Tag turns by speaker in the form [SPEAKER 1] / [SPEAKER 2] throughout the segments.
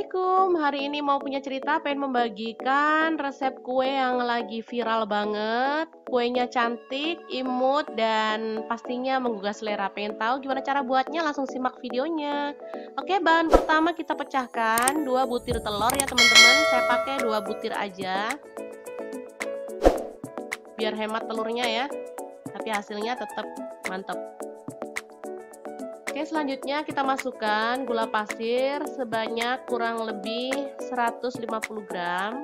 [SPEAKER 1] Assalamualaikum Hari ini mau punya cerita pengen membagikan resep kue yang lagi viral banget Kuenya cantik, imut, dan pastinya menggugah selera Pengen tahu gimana cara buatnya langsung simak videonya Oke bahan pertama kita pecahkan dua butir telur ya teman-teman Saya pakai dua butir aja Biar hemat telurnya ya Tapi hasilnya tetap mantap Oke, selanjutnya kita masukkan gula pasir sebanyak kurang lebih 150 gram.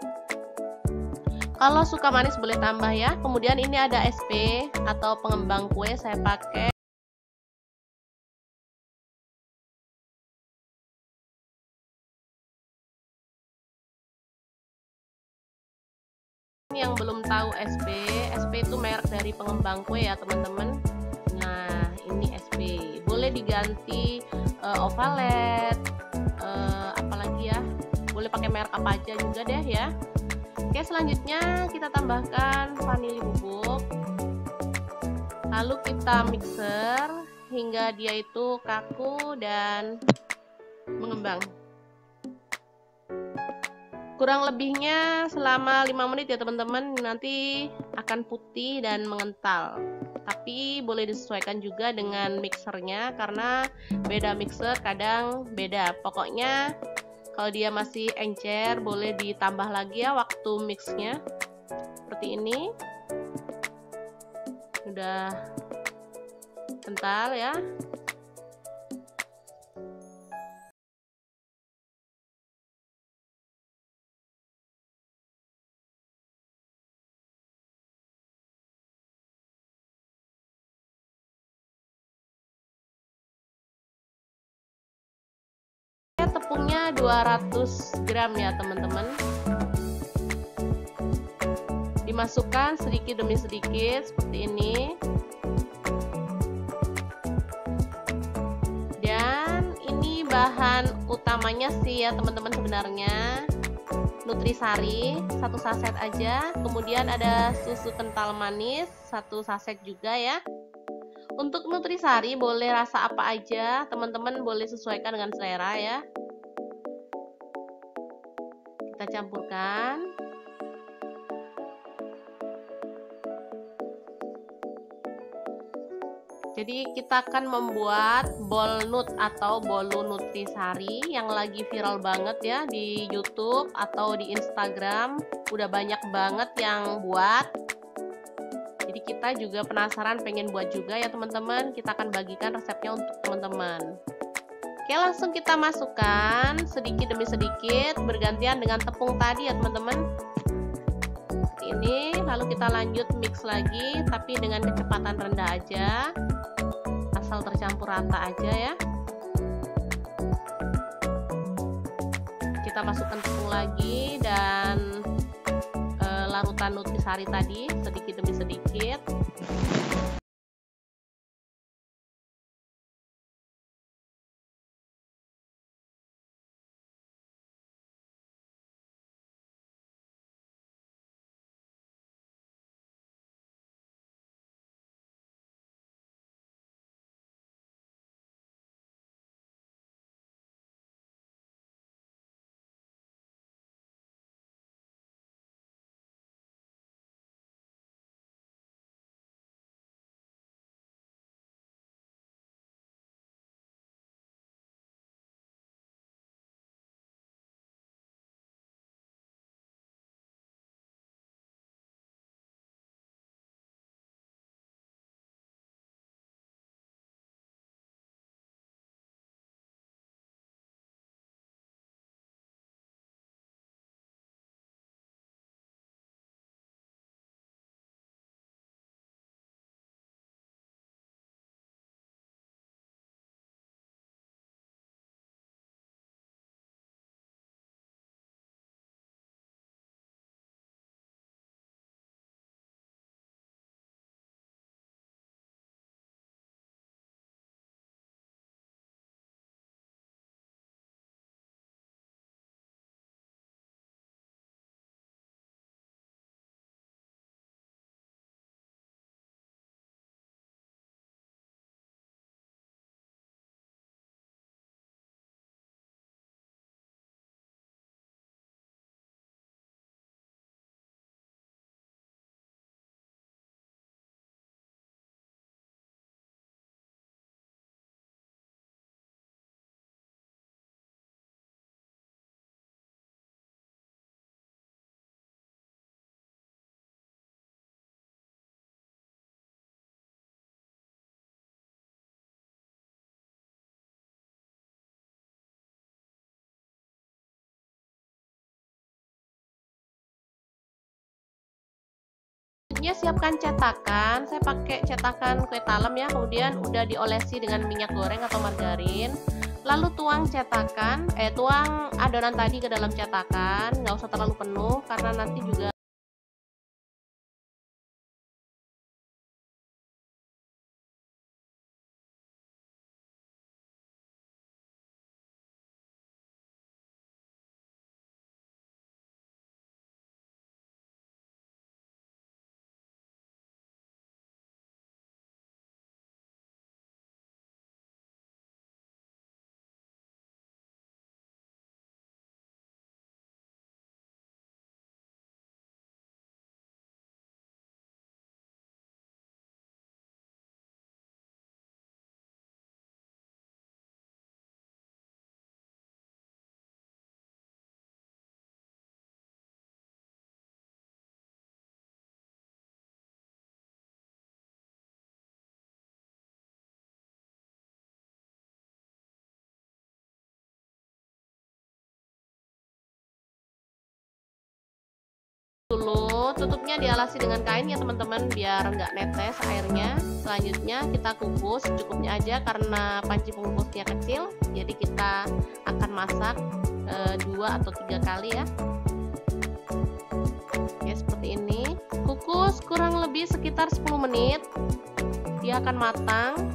[SPEAKER 1] Kalau suka manis boleh tambah ya. Kemudian ini ada SP atau pengembang kue saya pakai yang belum tahu SP, SP itu merek dari pengembang kue ya teman-teman ganti uh, ovalet uh, apalagi ya boleh pakai merek apa aja juga deh ya oke selanjutnya kita tambahkan vanili bubuk lalu kita mixer hingga dia itu kaku dan mengembang kurang lebihnya selama 5 menit ya teman-teman nanti akan putih dan mengental tapi boleh disesuaikan juga dengan mixernya karena beda mixer kadang beda pokoknya kalau dia masih encer boleh ditambah lagi ya waktu mixnya seperti ini udah kental ya tepungnya 200 gram ya teman-teman dimasukkan sedikit demi sedikit seperti ini dan ini bahan utamanya sih ya teman-teman sebenarnya nutrisari satu saset aja kemudian ada susu kental manis satu saset juga ya untuk nutrisari boleh rasa apa aja teman-teman boleh sesuaikan dengan selera ya kita campurkan Jadi kita akan membuat bol nut atau bolu nutrisari yang lagi viral banget ya di YouTube atau di Instagram. Udah banyak banget yang buat. Jadi kita juga penasaran pengen buat juga ya teman-teman. Kita akan bagikan resepnya untuk teman-teman. Oke, langsung kita masukkan sedikit demi sedikit bergantian dengan tepung tadi ya, teman-teman. Ini lalu kita lanjut mix lagi tapi dengan kecepatan rendah aja. Asal tercampur rata aja ya. Kita masukkan tepung lagi dan e, larutan nutrisari tadi sedikit demi sedikit. ya siapkan cetakan saya pakai cetakan kue talam ya kemudian udah diolesi dengan minyak goreng atau margarin lalu tuang cetakan eh tuang adonan tadi ke dalam cetakan nggak usah terlalu penuh karena nanti juga dulu tutupnya dialasi dengan kain ya teman-teman biar nggak netes airnya selanjutnya kita kukus cukupnya aja karena panci pengukusnya kecil jadi kita akan masak e, dua atau tiga kali ya oke seperti ini kukus kurang lebih sekitar 10 menit dia akan matang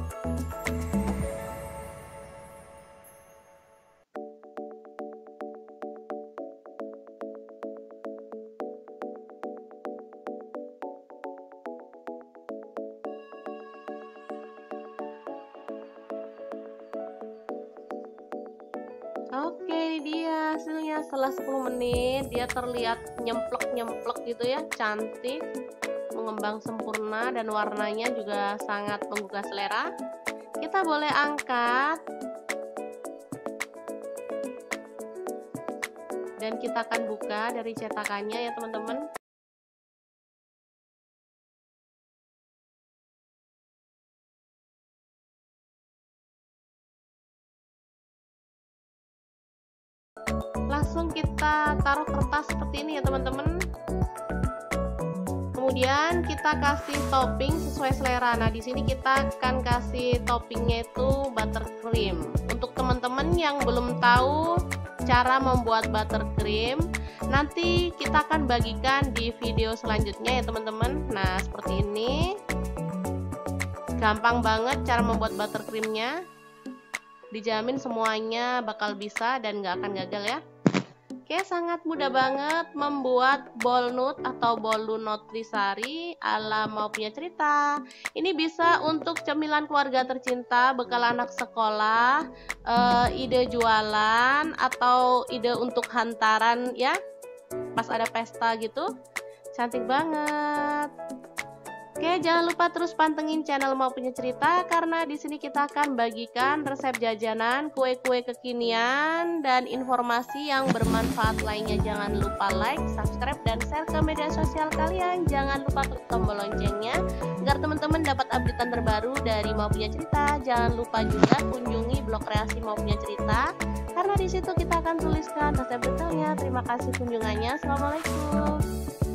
[SPEAKER 1] Oke okay, dia hasilnya setelah 10 menit dia terlihat nyemplok-nyemplok gitu ya cantik mengembang sempurna dan warnanya juga sangat menggugah selera kita boleh angkat dan kita akan buka dari cetakannya ya teman-teman langsung kita taruh kertas seperti ini ya teman-teman kemudian kita kasih topping sesuai selera nah di sini kita akan kasih toppingnya itu buttercream untuk teman-teman yang belum tahu cara membuat buttercream nanti kita akan bagikan di video selanjutnya ya teman-teman nah seperti ini gampang banget cara membuat buttercreamnya dijamin semuanya bakal bisa dan nggak akan gagal ya Oke, sangat mudah banget membuat bolnut atau bolu nutrisari ala mau punya cerita. Ini bisa untuk cemilan keluarga tercinta, bekal anak sekolah, eh, ide jualan atau ide untuk hantaran ya. Pas ada pesta gitu. Cantik banget. Oke, jangan lupa terus pantengin channel mau punya cerita karena di sini kita akan bagikan resep jajanan, kue-kue kekinian dan informasi yang bermanfaat lainnya. Jangan lupa like, subscribe dan share ke media sosial kalian. Jangan lupa klik tombol loncengnya agar teman-teman dapat update terbaru dari mau punya cerita. Jangan lupa juga kunjungi blog kreasi mau punya cerita karena di situ kita akan tuliskan resep detailnya. Terima kasih kunjungannya. Assalamualaikum.